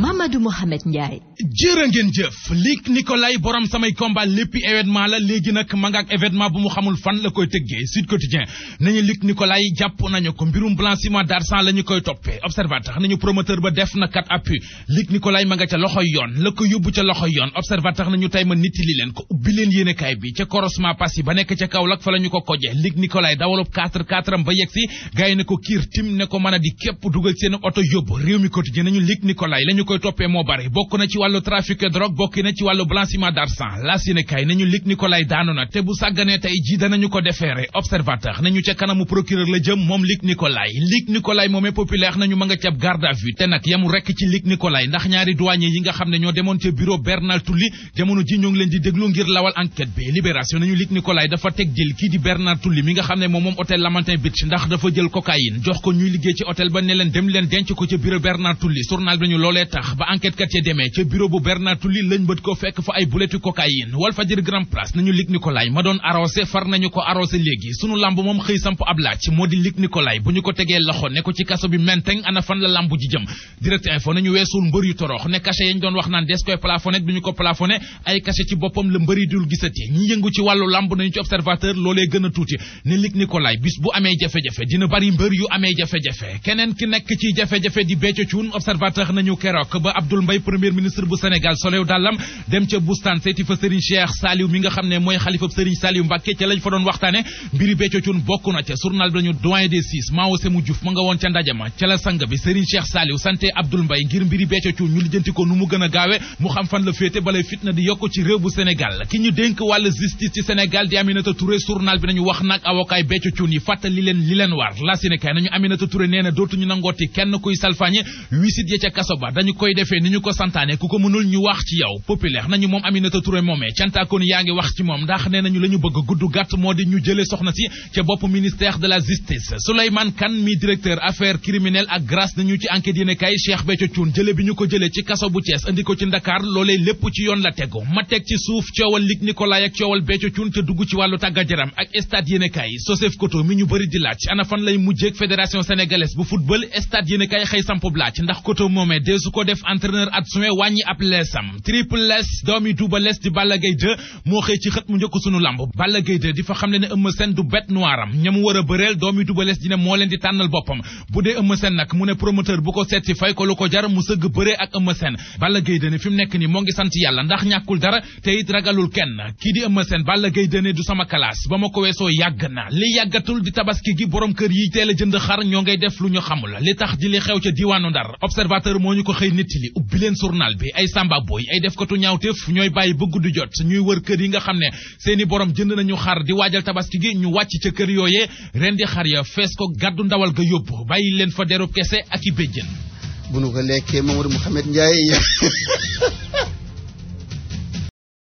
Mamadou Mohamed Ndiaye jërë ngeen jëf Luc Nicolaï borom samay combat léppi événement la léegi nag ma nga événement bu mu xamul fan la koy tëggee Sud Quotidien nañu Luc Nicolaï jàpp nañu ko mbirum blanchiment d'argent la ñu koy toppee observateur nañu promoteur ba def na kat appui Luc Nicolaï ma nga ca loxoy yoon la ko yóbbu ca loxoy yoon observateur nañu tey ma leen ko ubbi leen yéenekaay bi ca croisement Passy ba nekk ca Kaolack fa la ñu ko koje Luc Nicolaï dawalub 4 4 am ba yegsi gars yi ne ko kiir tim ne ko mën koy toppee moo bari bokk na ci wàllu trafic drogue bokk ci wàllu blanchiment d'argent la nañu Luc Nicolaï daanu te bu sàgganee tey ji danañu ko defeere observateur nañu ca kanamu procureur la jëm moom Luc Nicolaï Luc Nicolaï moomee populaire nañu ma nga cab garde à vue te nag yamul rekk ci Luc Nicolaï ndax ñaari douanier yi nga xam ne ñoo demoon ca bureau Bernal Tulli jamono ji leen di déglu ngir lawal enquête bi libération nañu tax ba enquête kat demee ca bureau bu Bernard Tulli lañ ko fekk fa ay bulletu cocaïne Walf Grand Place nañu Luc Nicolaï ma doon arrosé far nañu ko arrosé léegi sunu lamb moom xëy samp ab laaj moo di Luc Nicolaï bu ñu ko tegee loxo ne ko ci kaso bi menteng ana la lamb ji jëm direct info nañu weesul mbër yu torox ne cachet yañ doon wax naan des koy plafonné duñu ko plafonné ay cachet ci boppam la mbër dul gisati ñi yëngu ci wàllu lamb a keroog ba Abdoul Mbaye premier ministre bu Sénégal solew dàllam dem ca bustaan seeti fa Serigne Cheikh Saliou mi nga xam ne mooy xalifab Serigne Saliou Mbacké ca lañ fa doon waxtaane mbiri Béthio bokk na ca journal bi dañu doyen des six Mao Sémou Diouf ma nga woon ca ndajama ca la sang bi Serigne Cheikh Saliou sante Abdoul Mbaye ngir mbiri Béthio ñu lijjanti ko nu mu gën a gaawe mu xam fan la féete balay fitna di yokk ci réew bu Sénégal ki ñu dénk wàll justice koy defee ni ñu ko santaane ku ko mënul ñu wax ci yow populaire nañu moom Aminata Touré moomee cantaakon yaa ngi wax ci moom ndax nee nañu la bëgg gudd gàtt moo di ñu jële soxna si ca bopp ministère de la justice Souleymane Kane mi directeur affaires criminelles ak grâce nañu ci enquête yéene kay Cheikh jële bi ñu ko jële ci kaso bu Thiès andi ci Ndakaar loolee lépp ci yoon la tegu ma teg ci suuf coowal Luc Nicolaï ak coowal Béthio Thioune dugg ci ko def entraîneur adjoint wàññi ab leesam triple lees doomi Double Less di Balla Gaye 2 moo xëy ci xët mu njëkk sunu lamb Balla Gaye di fa xam le ne du bête noire am ñamu war a bëreel doomi Double Less dina moo leen di tànnal boppam bu dee Eumeu Sène nag mu ne promoteur bu ko seet si fay ko lu ko jar mu sëgg bëree ak Eumeu Balla Gaye ne fi nekk ni moo ngi sant yàlla ndax ñàkkul dara te it ragalul kenn kii di Eumeu Sène Balla Gaye 2 ne du sama classe ba ma ko weesoo na li yàggatul di a jënd xar ñoo ngay def lu ñu xamul li tax di li xew ca diwaanu Ndar observateur moo ñu ko nit nettali ubbi leen journal bi ay samba boy ay defkatu ñaawteef ñooy bàyyi ba guddi jot ñuy wër kër yi nga xam ne seeni boroom jënd nañu xar di waajal tabaski gi ñu wàcc ca kër yooyee di xar ya fees ko gàddu ndawal ga yóbbu bàyyi leen fa derub kese ak i béjjën bu nu ko lekkee Mamadou Mouhamed Ndiaye